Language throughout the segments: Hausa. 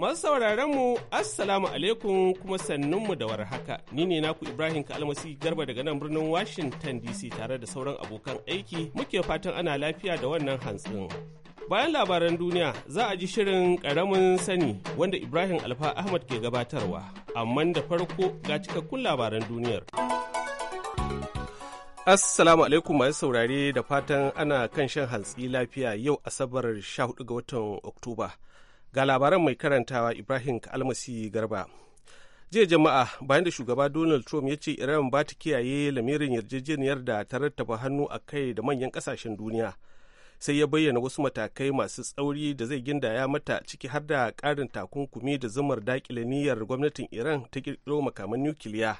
Masu sauraron mu Assalamu alaikum kuma sannunmu da warhaka. Ni ne naku Ibrahim Kalmasi Garba daga nan birnin Washington DC tare da sauran abokan aiki muke fatan ana lafiya da wannan hantsin. Bayan labaran duniya za a ji shirin ƙaramin sani wanda Ibrahim Alfa Ahmad ke gabatarwa, amma da farko ga cikakkun labaran duniyar. Assalamu alaikum masu saurare da fatan ana kan shan hantsi lafiya yau Asabar 14 ga watan Oktoba. Ga labaran mai karantawa Ibrahim Almasi Garba. Jiya jama'a bayan da shugaba Donald Trump ya ce Iran ba ta kiyaye lamirin yarjejeniyar da ta rattaba hannu a kai da manyan kasashen duniya. Sai ya bayyana wasu matakai masu tsauri da zai gindaya mata ciki har da karin takunkumi da zumar dakile niyyar gwamnatin Iran ta ƙirƙiro makaman nukiliya.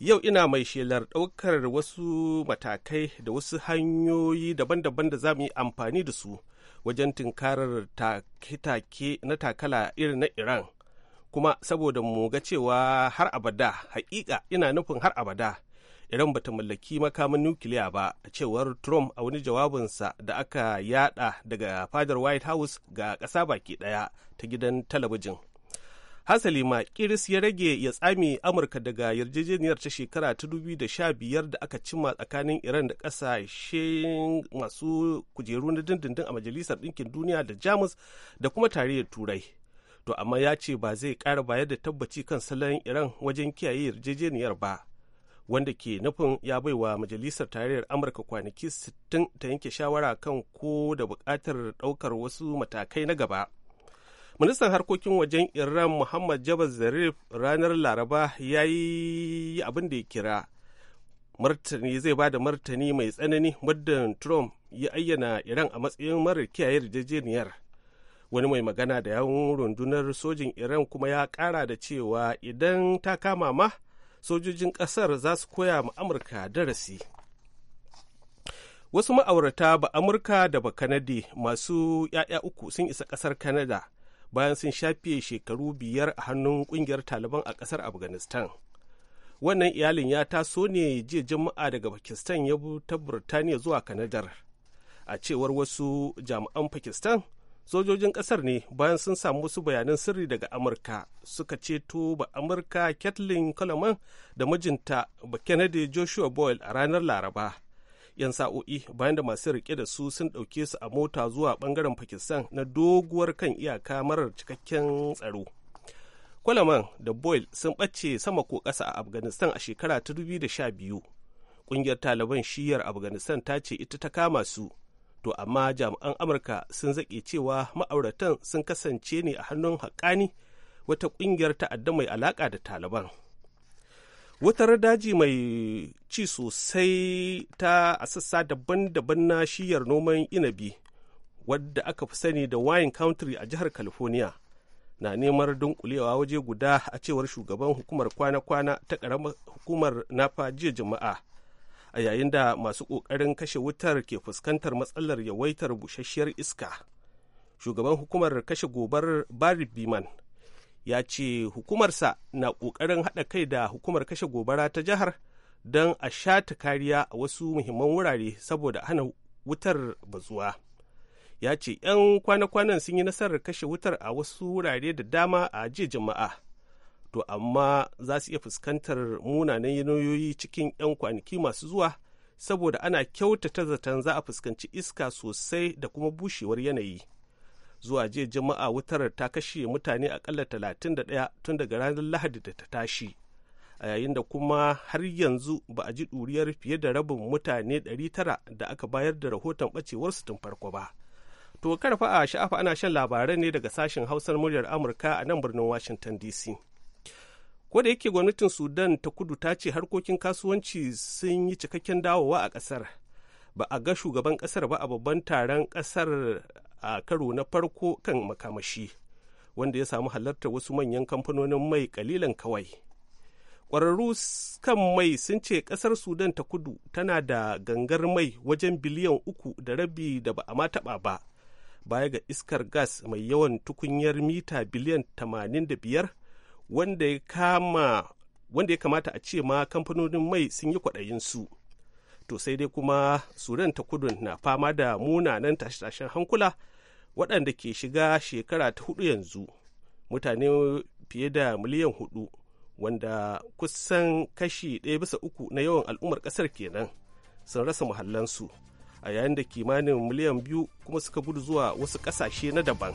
yau ina mai shelar ɗaukar wasu matakai da wasu hanyoyi daban-daban da za mu yi amfani da su wajen tunkarar take take na takala irin na iran kuma saboda mu ga cewa har abada haƙiƙa ina nufin har abada iran bata mallaki makamin nukiliya ba a cewar trump a wani jawabinsa da aka yada daga fadar white house ga ƙasa baki ɗaya ta gidan talabijin hasali ma kiris ya rage ya tsame amurka daga yarjejeniyar ta shekara ta dubu da aka cimma tsakanin iran da kasashen masu kujeru na dindindin a majalisar ɗinkin duniya da jamus da kuma tarayyar turai to amma ya ce ba zai ƙara bayar da tabbaci kan salon iran wajen kiyaye yarjejeniyar ba wanda ke nufin ya bai wa majalisar tarayyar amurka kwanaki 60 ta yanke shawara kan ko da buƙatar ɗaukar wasu matakai na gaba ministan harkokin wajen iran muhammad jabal zarif ranar laraba ya yi abin da ya kira martani zai ba da martani mai tsanani muddin trump ya ayyana iran a matsayin marar kiyaye yarjejeniyar wani mai magana da yawon rundunar sojin iran kuma ya kara da cewa idan ta kama ma sojojin kasar za su koya ma amurka darasi wasu ma'aurata ba amurka da ba kanadi masu 'ya'ya uku sun isa kasar kanada bayan sun shafe shekaru biyar a hannun kungiyar taliban a kasar afghanistan wannan iyalin ya taso ne jiya jama'a daga pakistan ya bu ta burtaniya zuwa kanadar a cewar wasu jami'an pakistan sojojin kasar ne bayan sun samu wasu bayanan sirri daga amurka suka ceto ba amurka kathleen coleman da mijinta ba kennedy joshua boyle a ranar laraba yan sa'o'i bayan da masu rike da su sun ɗauke su a mota zuwa bangaren pakistan na doguwar kan iyaka marar cikakken tsaro kwalaman da boyle sun ɓace sama ko ƙasa a afghanistan a shekara ta 2012 ƙungiyar taliban shiyar afghanistan ta ce ita ta kama su to amma jami'an amurka sun zaƙe cewa ma'auratan sun kasance ne a hannun haƙƙani wata ƙungiyar ta'adda mai alaƙa da taliban wutar daji mai ci sosai ta a sassa daban-daban na shiyar noman inabi wadda aka fi sani da wine country a jihar california na neman dunkulewa waje guda a cewar shugaban hukumar kwana-kwana ta karamar hukumar nafa jiya jama'a a yayin da masu ƙoƙarin kashe wutar ke fuskantar matsalar yawaitar busasshiyar iska shugaban hukumar kashe gobar barry biman ya ce hukumarsa na ƙoƙarin haɗa kai da hukumar kashe gobara ta jihar don a shata kariya a wasu muhimman wurare saboda hana wutar bazuwa ya ce 'yan kwana-kwanan sun yi nasarar kashe wutar a wasu wurare da dama a jiya jama'a to amma za su iya fuskantar munanan yanayoyi cikin 'yan kwanaki masu zuwa saboda ana kyautata zaton za a fuskanci iska sosai da kuma bushewar yanayi zuwa jiya jama'a wutar ta kashe mutane akalla 31 tun daga ranar lahadi da ta tashi a yayin da kuma har yanzu ba a ji ɗuriyar fiye da rabin mutane 900 da aka bayar da rahoton ɓacewarsu tun farko ba to karfa a sha'afa ana shan labarai ne daga sashen hausar muryar amurka a nan birnin washington dc ko da yake gwamnatin sudan ta kudu ta ce harkokin kasuwanci sun yi cikakken dawowa a ƙasar ba a ga shugaban kasar ba a babban taron kasar a karo na farko kan makamashi wanda ya samu halartar wasu manyan kamfanonin mai kalilan kawai ƙwararru kan mai sun ce ƙasar sudan ta kudu tana da gangar mai wajen biliyan uku da rabi da ba a ma taɓa ba baya ga iskar gas mai yawan tukunyar mita biliyan 85 wanda ya wanda ya kamata a ce ma kamfanonin mai sun yi kwaɗayinsu to sai dai kuma sudan ta kudu na fama da munanan tashe-tashen hankula waɗanda ke shiga shekara ta hudu yanzu mutane fiye da miliyan hudu wanda kusan kashi ɗaya bisa uku na yawan al'ummar ƙasar kenan sun rasa muhallansu a yayin da kimanin miliyan biyu kuma suka gudu zuwa wasu ƙasashe na daban.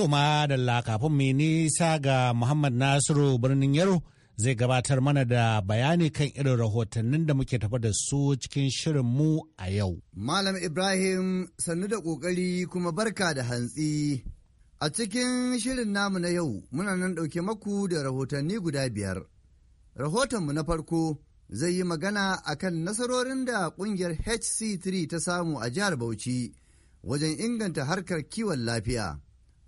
To ma da kafin mai nisa ga Muhammad Nasiru birnin Yaro zai gabatar mana da bayani kan irin rahotannin da muke tafa da su cikin shirin mu a yau. Malam Ibrahim sannu da ƙoƙari kuma barka da hantsi. A cikin shirin namu na yau muna nan ɗauke maku da rahotanni guda biyar. Rahotonmu na farko zai yi magana a kan nasarorin da ƙungiyar HC3 ta samu a jihar Bauchi wajen inganta harkar kiwon lafiya.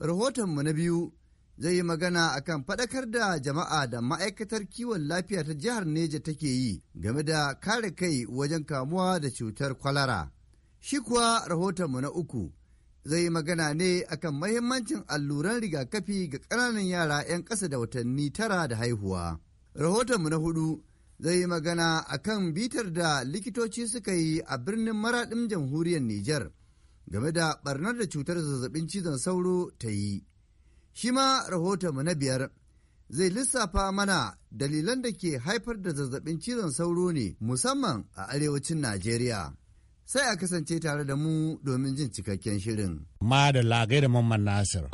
Rahotonmu na biyu zai yi magana akan faɗakar da jama'a da ma'aikatar kiwon lafiya ta jihar Neja take yi game da kare kai wajen kamuwa da cutar kwalara. Shi kuwa rahotonmu na uku zai yi magana ne akan mahimmancin alluran rigakafi ga ƙananan yara 'yan ƙasa da watanni tara da haihuwa. Rahotonmu na hudu zai yi magana akan bitar da likitoci suka yi a birnin maraɗin jamhuriyar Nijar. game da barnar da cutar zazzabin cizon sauro ta yi. Shi ma rahotonmu na biyar zai lissafa mana dalilan da ke haifar da zazzabin cizon sauro ne musamman a arewacin Najeriya. Sai a kasance tare da mu domin jin cikakken shirin. Ma da lagai da Mamman Nasir.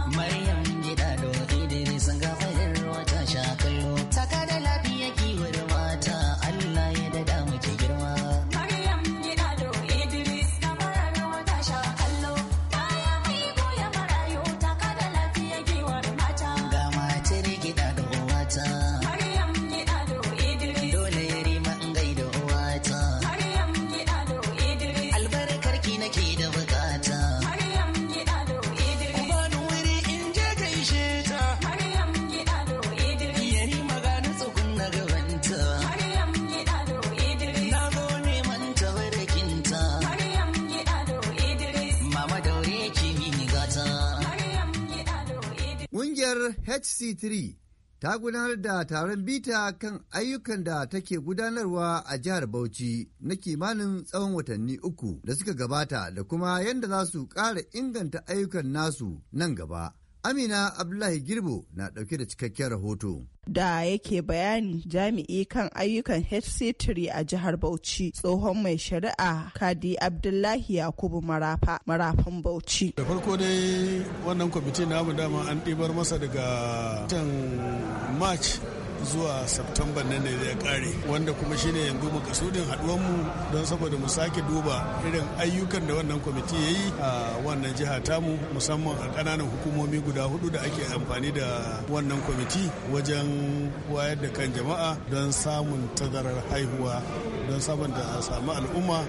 HC3 ta gudanar da taron bita kan ayyukan da take gudanarwa a jihar Bauchi na kimanin tsawon watanni uku da suka gabata da kuma yadda za su ƙara inganta ayyukan nasu nan gaba. Amina Abdullahi Girbo na ɗauke da cikakken rahoto. Da yake bayani jami'i kan ayyukan HC3 a jihar Bauchi tsohon mai shari'a Kadi Abdullahi Yakubu Marafa Marafan Bauchi. Da farko dai wannan kwamiti namu dama an ɗibar masa daga can March zuwa September nan ne zai kare wanda kuma shine yanzu makasudin mu don saboda mu sake duba irin ayyukan da wannan kwamiti ya yi a wannan jiha mu musamman a ƙananan hukumomi guda hudu da ake amfani da wannan kwamiti wajen wayar da kan jama'a don samun tazarar haihuwa don saboda a samu al'umma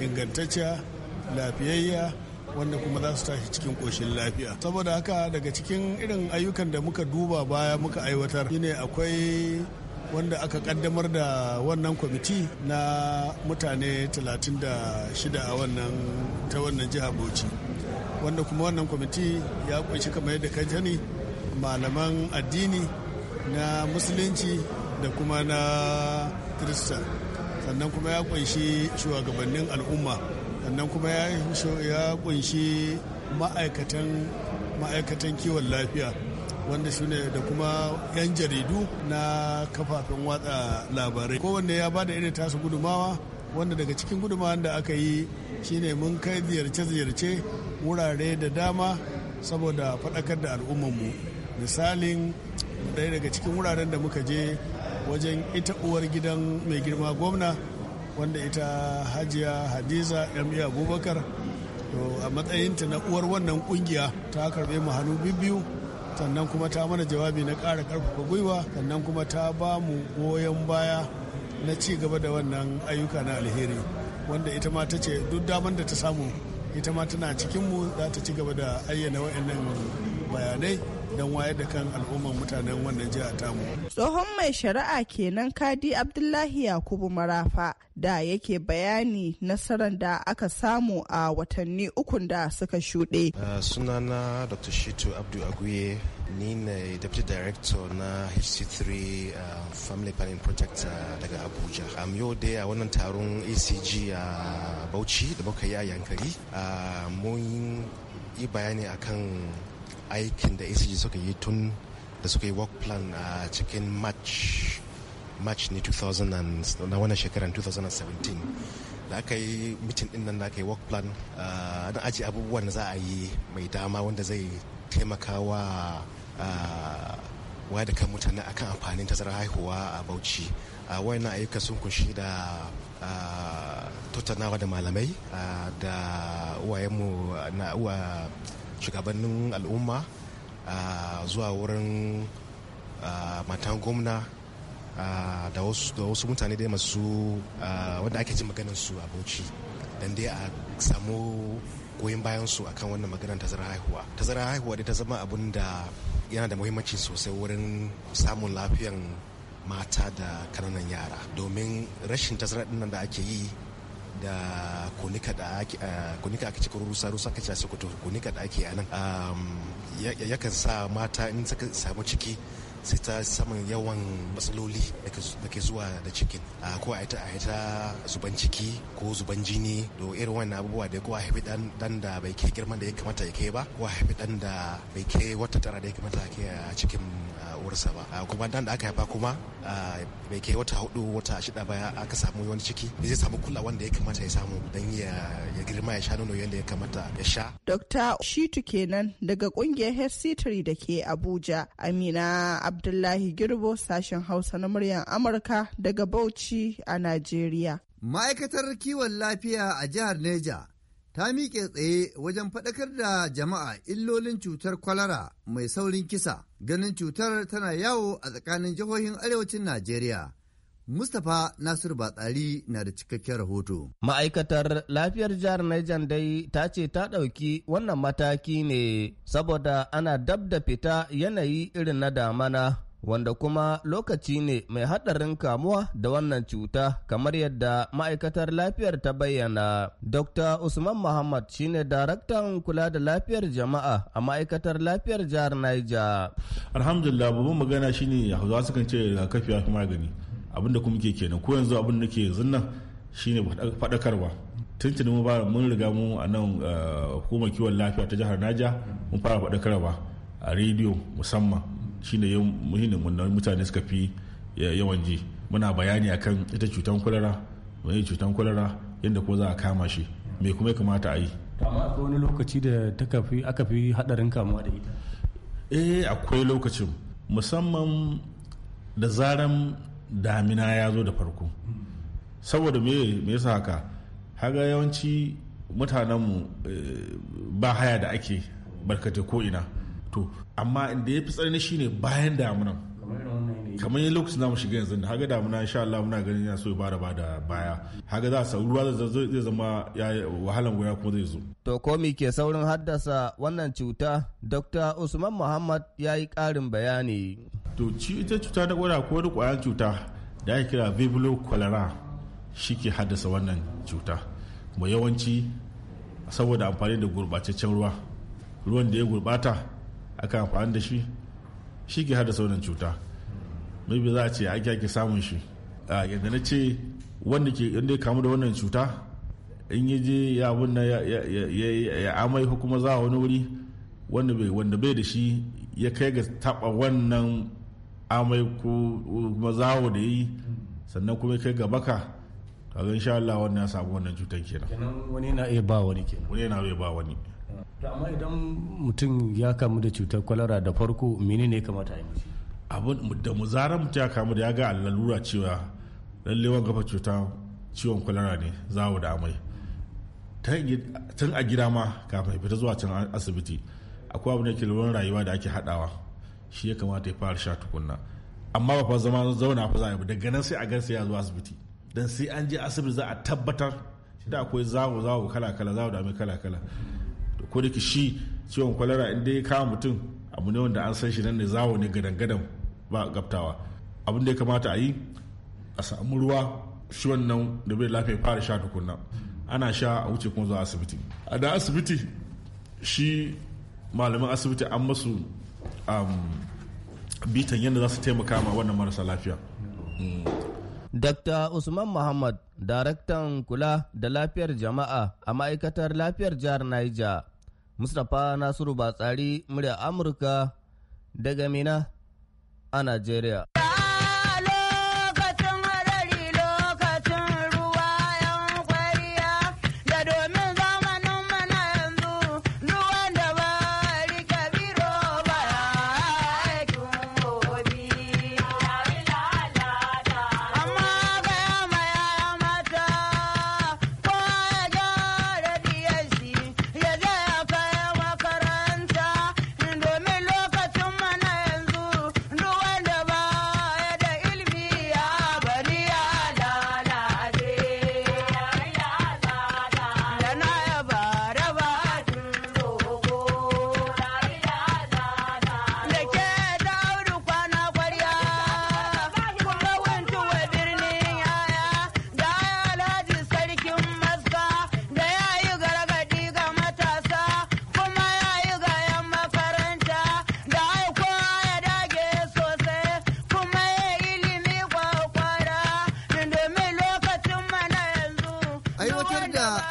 ingantacciya lafiyayya wanda kuma za su tashi cikin koshin lafiya saboda haka daga cikin irin ayyukan da muka duba baya muka aiwatar shine akwai wanda aka kaddamar da wannan kwamiti na mutane 36 a wannan ta wannan jiha bauchi wanda kuma wannan kwamiti ya kunshi kamar yadda ka jani malaman addini na musulunci da kuma na kirista sannan kuma ya kunshi shugabannin al'umma sannan kuma ya kunshi ma'aikatan ma'aikatan kiwon lafiya wanda su ne da kuma 'yan jaridu na kafafen watsa labarai kowanne ya bada irin tasu gudumawa wanda daga cikin gudumawan da aka yi shine mun kai ziyarce-ziyarce wurare da dama saboda faɗakar da al'ummanmu misalin ɗaya daga cikin wuraren da muka je wajen ita uwar gidan mai girma gwamna wanda ita hajiya hadiza yami abubakar to a matsayinta na uwar wannan kungiya ta karbe mu hannu biyu sannan kuma ta mana jawabi na ƙara ƙarfafa gwiwa sannan kuma ta ba mu goyon baya na ci gaba da wannan ayyuka na alheri wanda ita ma ta ce duk daman da ta samu ita ma tana cikinmu za ta ci gaba da ayyana wa'annan bayanai don wayar da kan al'umman mutanen wannan jiha tamu. Tsohon mai shari'a kenan Kadi Abdullahi Yakubu Marafa da yake bayani nasarar da aka samu a watanni ukun da suka shuɗe. Uh, sunana Dr. Shitu Abdu Aguye ni ne Deputy Director na HC3 uh, Family Planning Project daga Abuja. Am yau dai a wannan taron ACG e a Bauchi da muka yi a Yankari uh, mun yi bayani akan aikin da acg suka yi tun da suka yi work plan a cikin march march ne 2000 na wannan shekarar 2017 da aka yi mitin din nan da aka yi work plan na aji abubuwan da za a yi mai dama wanda zai taimaka wa wa da kan mutane akan amfanin tazarar haihuwa a bauchi a wayannan ayyuka sun kunshi da tattaunawa da malamai da uwayenmu na uwa shugabannin al'umma zuwa wurin matan gwamna da wasu mutane dai masu wanda ake ji maganin su a bauchi don dai a samu goyon bayan su akan wannan maganar tazara haihuwa tazarar haihuwa dai ta zama abun da yana da muhimmanci sosai wurin samun lafiyan mata da kananan yara domin rashin tazarar da ake yi da kunika da ake kunika aka cikin rusa rusa aka kunika da ake anan um, yakan sa mata in suka samu ciki sai ta samun yawan matsaloli da ke zuwa da cikin ah, ko a ita zuban ciki ko zuban jini da irin wani abubuwa da ko a haifi dan da bai kai girman da ya kamata ya kai ba ko a haifi dan da bai kai wata tara da ya kamata ya kai a cikin ah, uwarsa ba ah, kuma dan da aka haifa kuma bai kai wata hudu wata shida ba aka samu wani ciki zai samu kula wanda ya kamata ya samu dan ya girma ya sha nono yadda ya kamata ya sha. Dokta Shitu kenan daga kungiyar Health da ke Abuja Amina Abdullahi Girbo sashen Hausa na muryar Amurka daga Bauchi a Najeriya. Ma'aikatar kiwon lafiya a jihar Neja ta miƙe tsaye wajen faɗakar da jama'a illolin cutar kwalara mai saurin kisa ganin cutar tana yawo a tsakanin jihohin arewacin Najeriya. Mustapha Nasiru Batsari na da cikakken rahoto. Ma'aikatar lafiyar jihar Niger dai ta ce ta ɗauki wannan mataki ne saboda ana dab da fita yanayi irin na damana. Wanda kuma lokaci ne mai haɗarin kamuwa da wannan cuta kamar yadda ma'aikatar lafiyar ta bayyana. Dr. Usman Muhammad shine daraktan kula da lafiyar jama'a a ma'aikatar lafiyar jihar Niger. Alhamdulillah babban magana shine za su kan ce kafi ya fi magani. abin da kuma ke kenan ko yanzu abin da ke yanzu nan shine faɗakarwa tun mu mun riga mu a nan eh, hukumar kiwon lafiya ta jihar naja mun fara faɗakarwa a rediyo musamman shine muhimmin wannan mutane suka fi yawan ji muna bayani akan ita cutan kwalara mai cutan kwalara yadda ko za a kama shi me kuma ya kamata a yi amma akwai wani lokaci da aka fi haɗarin kamuwa da ita eh akwai lokacin musamman da zaran damina ya zo da farko saboda me yasa haka haga yawanci mutanenmu eh, ba haya da ake barkata ko'ina to amma inda ya fi tsarni shine bayan damunan kamar yin lokacin zamu shiga yanzu haga damuna insha Allah muna ganin yana so ya bada bada baya haga za a ruwa zai zama ya wahalan goya kuma zai zo to komi ke saurin haddasa wannan cuta Dr. Usman Muhammad ya yi karin bayani to ci ita cuta na kwara ko wani kwayan cuta da ake kira vibrio cholera shi ke haddasa wannan cuta ma yawanci saboda amfani da gurbataccen ruwa ruwan da ya gurbata aka amfani da shi shi ke haddasa wannan cuta maybe za a ce ake ake samun shi a yadda na ce wanda ke ya kamu da wannan cuta in ya je ya abun ya amai ko kuma za a wani wuri wanda bai da shi ya kai ga taɓa wannan amai ko kuma zawo da yi sannan kuma kai ga baka kaga insha Allah wannan ya samu wannan cutar kenan wani na iya ba wani kenan wani na iya ba wani amma idan mutum ya kamu da cutar kwalara da farko mene ne kamata a yi mishi abin da mu zara mutum ya kamu da ya ga lalura cewa lalle wanga fa cuta ciwon kwalara ne zawo da amai tun a gida ma kafin fita zuwa can asibiti akwai abu ne ke rayuwa da ake hadawa shi ya kamata ya fara sha tukunna amma ba fa zama zauna fa za a yi daga nan sai a gan sai ya zo asibiti dan sai an je asibiti za a tabbatar da akwai zawo zawo kala kala zawo da mai kala kala ko da shi ciwon kwalara in dai kama mutum abu ne wanda an san shi nan ne zawo ne gadan gadan ba gabtawa abin da ya kamata a yi a samu ruwa shi wannan da bai lafiya fara sha tukunna ana sha a wuce kuma zuwa asibiti a da asibiti shi malamin asibiti an masu Um, bitan yadda za su taimaka ma wannan marasa lafiya Dr. Usman Muhammad, daraktan kula da lafiyar jama'a a ma'aikatar lafiyar jihar Niger, Mustapha Nasiru Batsari, murya Amurka daga Mina a Najeriya.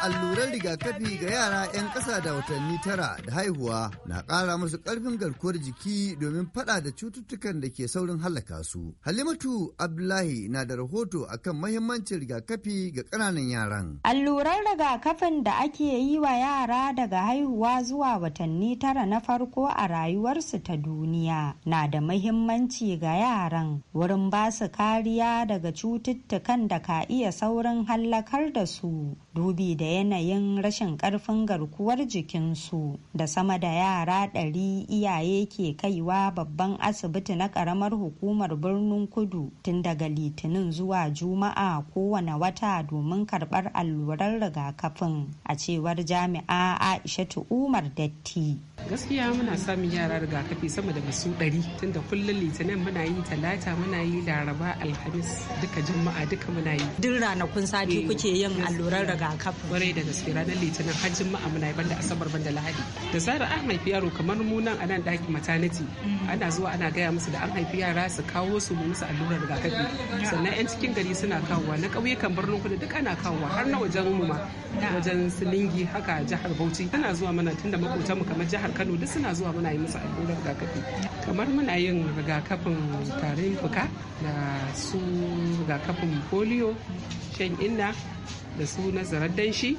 allurar rigakafi ga yara 'yan ƙasa da watanni tara da haihuwa na ƙara musu ƙarfin garkuwar jiki domin faɗa da cututtukan da ke saurin halaka su. Halimatu Abdullahi na da rahoto akan mahimmancin rigakafi ga ƙananan yaran. allurar rigakafin da ake yi wa yara daga haihuwa zuwa watanni tara na farko a rayuwarsu ta duniya na da mahimmanci ga yaran wurin ba su kariya daga cututtukan da ka iya saurin hallakar da su. Dubi da yanayin rashin karfin garkuwar jikinsu da sama da yara ɗari iyaye ke kaiwa babban asibiti na ƙaramar hukumar birnin kudu tun daga litinin zuwa juma'a kowane wata domin karɓar allurar rigakafin a cewar jami'a aisha umar datti gaskiya muna samun yara rigakafi sama da su ɗari tunda kullum litinin muna yi talata muna yi laraba alhamis duka juma'a duka muna yi duk ranakun sati eh, kuke yin alluran rigakafi kwarai da gaske ranar litinin har juma'a muna yi banda asabar banda lahadi da sara an haifi yaro kamar mu a nan ɗakin maternity mm. ana zuwa ana gaya musu da an haifi yara su kawo su mu musu allurar rigakafi sannan yan cikin gari suna kawowa na ƙauyukan birnin kudu duk ana kawowa har na wajen mu ma wajen silingi haka jihar bauchi ana zuwa mana tunda makotanmu kamar jihar jihar kano duk suna zuwa muna yi musu allurar rigakafi kamar muna yin rigakafin tarin fuka da su rigakafin polio shan inna da su nazarar danshi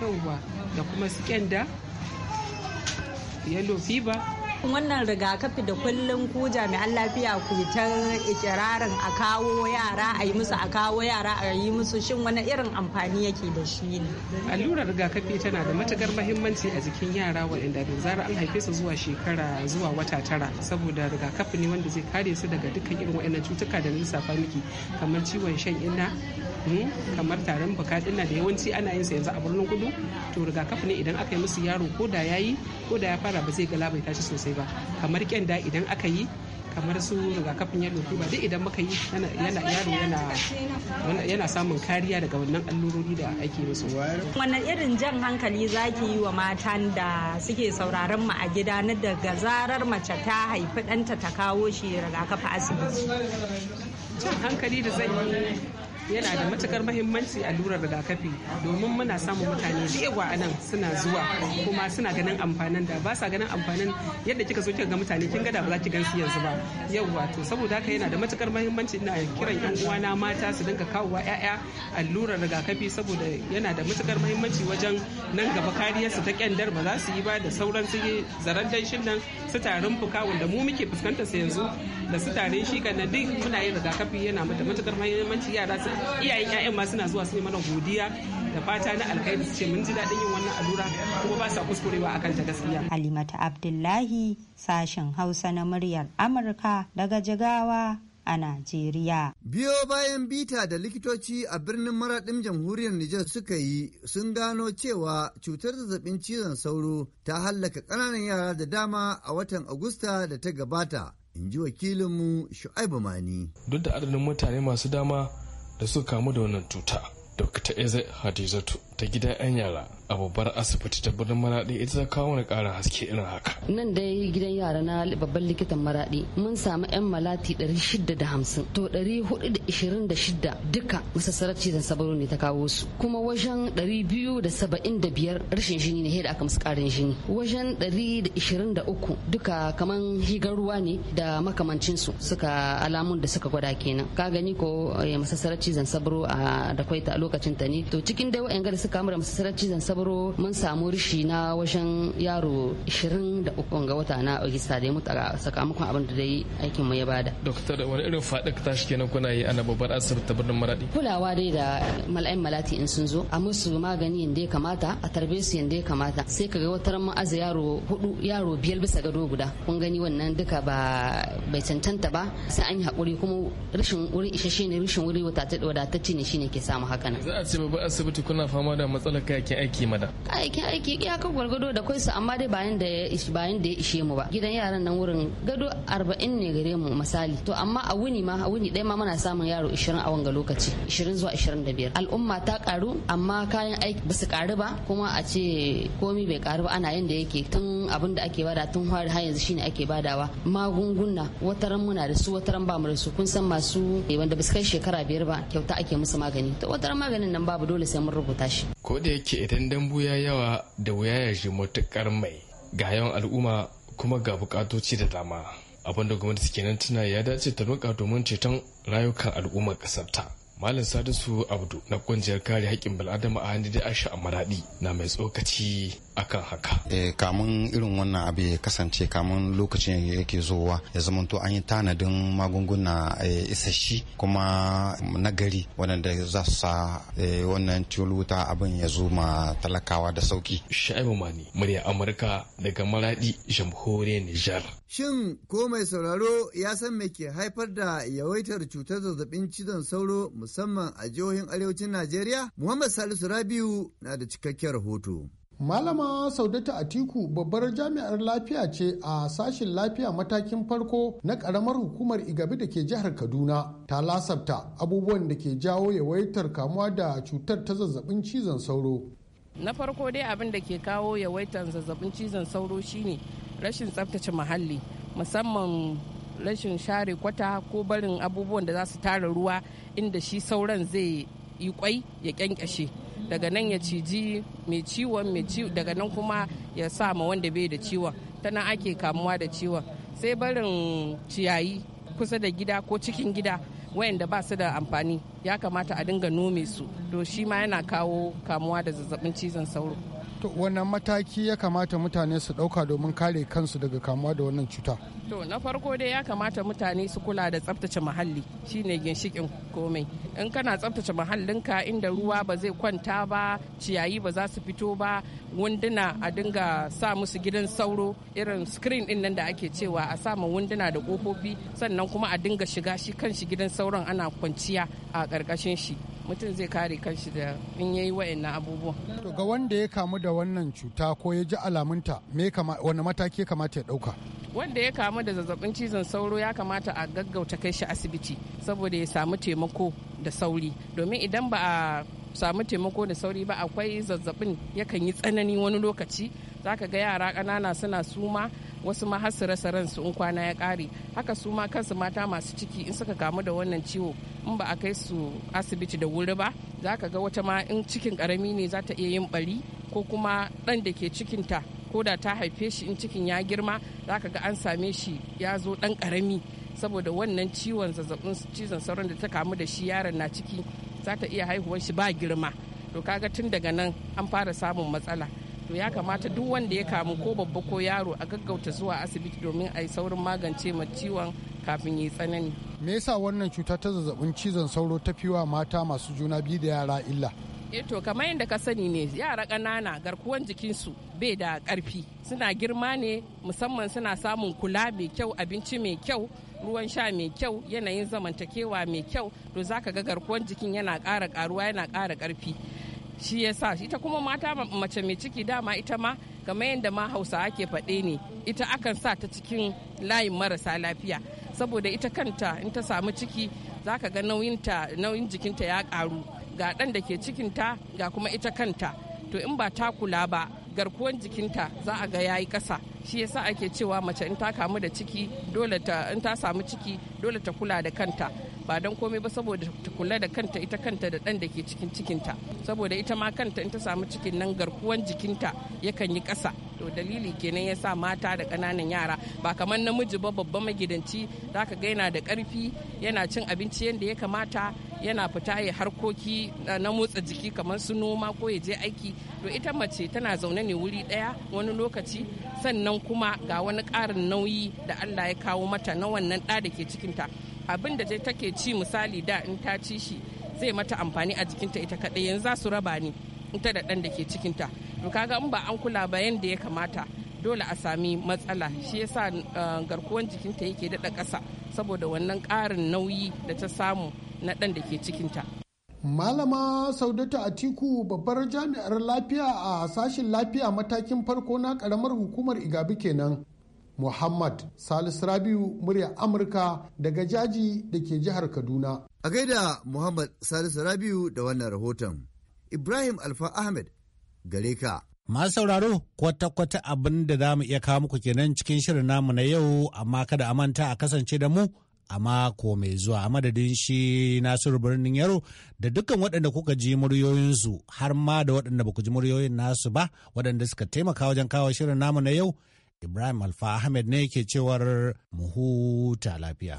yauwa da kuma su kyanda yellow fever wannan rigakafi da kullum ku jami'an lafiya ku ta ikirarin a kawo yara a yi musu a kawo yara a yi musu shin wani irin amfani yake da shi ne allurar rigakafi tana da matukar mahimmanci a jikin yara waɗanda da zarar an haife su zuwa shekara zuwa wata tara saboda rigakafi ne wanda zai kare su daga dukkan irin waɗannan cutuka da na lissafa miki kamar ciwon shan inna mu kamar tarin fuka dinna da yawanci ana yin sa yanzu a birnin kudu to rigakafi ne idan aka yi musu yaro ko da yayi ko da ya fara ba zai bai shi sosai ba kamar kyanda idan aka yi kamar su rigakafin yellow fever duk idan muka yi yana yaro yana yana samun kariya daga wannan allurori da ake musu wannan irin jan hankali zaki yi wa matan da suke sauraron mu a gida na daga zarar mace ta haifi ɗanta ta kawo shi rigakafi asibiti jan hankali da zan yi yana da matukar mahimmanci allurar rigakafi domin muna samun mutane da yawa a nan suna zuwa kuma suna ganin amfanin da ba sa ganin amfanin yadda kika so kika ga mutane kin ga da ba za ki gan yanzu ba yawa to saboda haka yana da matukar mahimmanci ina kiran yan uwana mata su dinga kawowa ƴaƴa allurar rigakafi saboda yana da matukar mahimmanci wajen nan gaba kariyar su ta kyandar ba za su yi ba da sauran su zaren danshin nan su tarin fuka wanda mu muke fuskantar su yanzu da su tarin shi kan duk muna yin rigakafi yana da matukar mahimmanci yara su iyayen 'ya'yan ma suna zuwa su ne mana godiya da fata na alkhairi su ce mun ji daɗin yin wannan allura kuma ba sa kuskurewa akan ta gaskiya. Halimata Abdullahi sashen Hausa na muryar Amurka daga Jigawa a Najeriya. Biyo bayan bita da likitoci a birnin maraɗin jamhuriyar Nijar suka yi sun gano cewa cutar zazzabin cizon sauro ta hallaka ƙananan yara da dama a watan Agusta da ta gabata. In ji wakilinmu Shu'aibu Mani. Duk da adadin mutane masu dama da suka kamu da wannan cuta dr eze hadizatu ta gidan yan yara a babbar asibiti ta birnin maraɗi ita ta kawo na ƙara haske irin haka. nan dai gidan yara na babban likitan maraɗi mun samu yan malati ɗari shida da hamsin to ɗari hudu da ishirin da shida duka masassarar cizon sabaro ne ta kawo su kuma wajen ɗari biyu da saba'in da biyar rashin jini ne da aka musu ƙarin jini wajen ɗari da ishirin da uku duka kaman higar ruwa ne da makamancin su suka alamun da suka gwada kenan ka gani ko eh, masassarar cizon sabaro a ah, da kwaita a lokacin ta ne to cikin dai wa'yan da masu kamar masasarar cizon sabro mun samu rishi na wajen yaro 23 ga wata na Ogista da ya mutu a sakamakon abin da dai aikin mu ya bada. Doktor wani irin faɗi ka tashi kenan kuna yi ana babbar asibiti birnin maraɗi? Kulawa dai da mala'in malati in sun zo a musu magani yadda ya kamata a tarbe su yadda ya kamata sai ka ga wata ran aza yaro hudu yaro biyar bisa gado guda kun gani wannan duka ba bai cancanta ba sai an yi hakuri kuma rashin wuri isasshe ne rashin wuri wadatacce ne shine ke samu haka nan. Za a ce babbar asibiti kuna fama da matsalar kayakin aiki mada kayakin aiki iya kan gwargwado da kai amma dai bayan da ya ishe mu ba gidan yaran nan wurin gado arba'in ne gare mu misali to amma a wuni ma a wuni ɗaya ma muna samun yaro ishirin a wanga lokaci ishirin zuwa ishirin da biyar al'umma ta karu amma kayan aiki ba su karu ba kuma a ce komi bai karu ba ana yanda yake tun abin da ake bada tun fari har yanzu shine ake badawa magunguna wataran muna da su wataran ba mu da su kun san masu eh, wanda ba su kai shekara biyar ba kyauta ake musu magani to wataran maganin nan babu dole sai mun rubuta shi ko da yake idan dambu ya yawa da wuya ya ji matukar mai ga yawan al'umma kuma ga bukatoci da dama da gwamnati kenan tana ya dace ta nuka domin ceton rayukan al'ummar kasar ta malam sadisu abdu na ƙungiyar kare haƙƙin bil'adama a hannun da asha a Maraɗi na mai tsokaci akan haka eh kamun irin wannan abu ya kasance kamun lokacin yake zuwa, ya zama to an yi tanadin magunguna eh, isasshi kuma nagari waɗanda za su sa eh, wannan wuta abin ya zo ma talakawa da sauki sha'ibu mani murya amurka daga maradi jamhuriyar nijar shin ko mai sauraro ya san me ke haifar da yawaitar cutar zazzabin cizon sauro musamman a jihohin arewacin najeriya muhammad salisu rabiu na da cikakkiyar rahoto Malama Saudatu Atiku babbar jami'ar lafiya ce a sashin lafiya matakin farko na ƙaramar hukumar Igabi da ke jihar Kaduna. Ta lasafta abubuwan da ke jawo yawaitar kamuwa da cutar ta zazzabin cizon sauro. Na farko dai abin da ke kawo yawaitar zazzabin cizon sauro shine rashin tsaftace muhalli musamman rashin share kwata ko barin abubuwan da za su tara ruwa inda shi sauran zai yi kwai ya kyankyashe. daga nan ya ciji mai ciwon mai ciwo daga nan kuma ya sa ma wanda bai da ciwon ta nan ake kamuwa da ciwon sai barin ciyayi kusa da gida ko cikin gida wayanda ba su da amfani ya kamata a dinga nome su to shi ma yana kawo kamuwa da zazzabin cizon sauro to wannan mataki ya kamata mutane su ɗauka domin kare kansu daga kamuwa da wannan cuta to na farko dai ya kamata mutane su kula da tsaftace muhalli shine ginshikin komai in kana tsaftace muhallinka inda ruwa ba zai kwanta ba ciyayi ba za su fito ba wunduna a dinga sa musu gidan sauro irin screen din nan da ake cewa a sa ma wunduna da kofofi sannan kuma a dinga shiga shi kan shi gidan sauron ana kwanciya a ƙarƙashin shi mutum zai kare kanshi da in yayi wa'annan abubuwa. To ga wanda ya kamu da wannan cuta ko ya ji alamunta me wani mataki kamata ya dauka? Wanda ya kamu da zazzabin cizon sauro ya kamata a gaggauta kai shi asibiti saboda ya samu taimako da sauri domin idan ba a samu taimako da sauri ba akwai zazzabin yakan yi tsanani wani lokaci zaka ga yara ƙanana suna suma wasu ma har su rasa ransu in kwana ya kare haka su ma kansu mata masu ciki in suka kamu da wannan ciwo in ba a kai su asibiti da wuri ba za ka ga wata ma in cikin ƙarami ne za ta iya yin bari ko kuma ɗan da ke cikinta ko da ta haife shi in cikin ya girma za ka ga an same shi ya zo ɗan ƙarami saboda wannan ciwon zazzabin cizon sauran da ta kamu da shi yaron na ciki za ta iya haihuwar shi ba girma to kaga tun daga nan an fara samun matsala to ya kamata duk wanda ya kamu ko babba ko yaro a gaggauta zuwa asibiti domin a yi saurin magance ma ciwon kafin yi tsanani me yasa wannan cuta ta zazzabin cizon sauro ta fiwa mata masu juna biyu da yara illa e to kamar yadda ka sani ne yara ƙanana garkuwan jikinsu bai da ƙarfi suna girma ne musamman suna samun kula mai kyau abinci mai kyau ruwan sha mai kyau yanayin zamantakewa mai kyau to zaka ga garkuwan jikin yana ƙara ƙaruwa yana ƙara ƙarfi shi ya sa ita kuma mata mace mai ciki dama ita ma kamar yadda ma hausa ake faɗe ne ita akan sa ta cikin layin marasa lafiya saboda ita kanta in ta samu ciki za ka ga nauyin jikinta ya ƙaru ga ɗan da ke cikinta ga kuma ita kanta to in ba ta kula ba garkuwan jikinta za a ga yayi ƙasa shi yasa ake cewa mace in da ciki dole in ta samu ciki dole ta kula da kanta ba don komai ba saboda ta kula da kanta ita kanta da ɗan da ke cikin cikinta saboda ita ma kanta in ta samu cikin nan garkuwan jikinta yakan yi ƙasa to dalili kenan ya sa mata da ƙananan yara ba kamar namiji ba babba magidanci za ka ga yana da ƙarfi yana cin abinci yadda ya kamata yana fita ya harkoki na motsa jiki kamar su noma ko ya je aiki to ita mace tana zaune ne wuri ɗaya wani lokaci sannan kuma ga wani ƙarin nauyi da allah ya kawo mata na wannan ɗa da ke cikinta abin da take ci misali da in ta ci shi zai mata amfani a jikinta ita kaɗai yanzu za su raba ni ita da ɗan da ke cikinta to kaga in ba an kula ba yanda ya kamata dole a sami matsala shi yasa eh, garkuwan jikinta yake daɗa ƙasa saboda wannan ƙarin nauyi da ta samu na ɗan da ke cikinta Malama Saudatu Atiku babbar jami'ar lafiya a sashin lafiya matakin farko na karamar hukumar Igabi kenan. Muhammad Salisu Rabiu murya Amurka daga jaji da ke jihar Kaduna. A gaida Muhammad Salisu Rabiu da wannan rahoton. Ibrahim Alfa Ahmed gare ka. Masu sauraro kwata-kwata abin da za mu iya kawo muku kenan cikin shirin namu na yau amma kada a manta a kasance da mu a mako mai zuwa a madadin shi nasiru birnin yaro da dukkan waɗanda kuka ji muryoyinsu har ma da waɗanda ba ku ji muryoyin nasu ba waɗanda suka taimaka wajen kawo shirin namu na yau Ibrahim Alfa Ahmed ne ke cewar mu huta lafiya.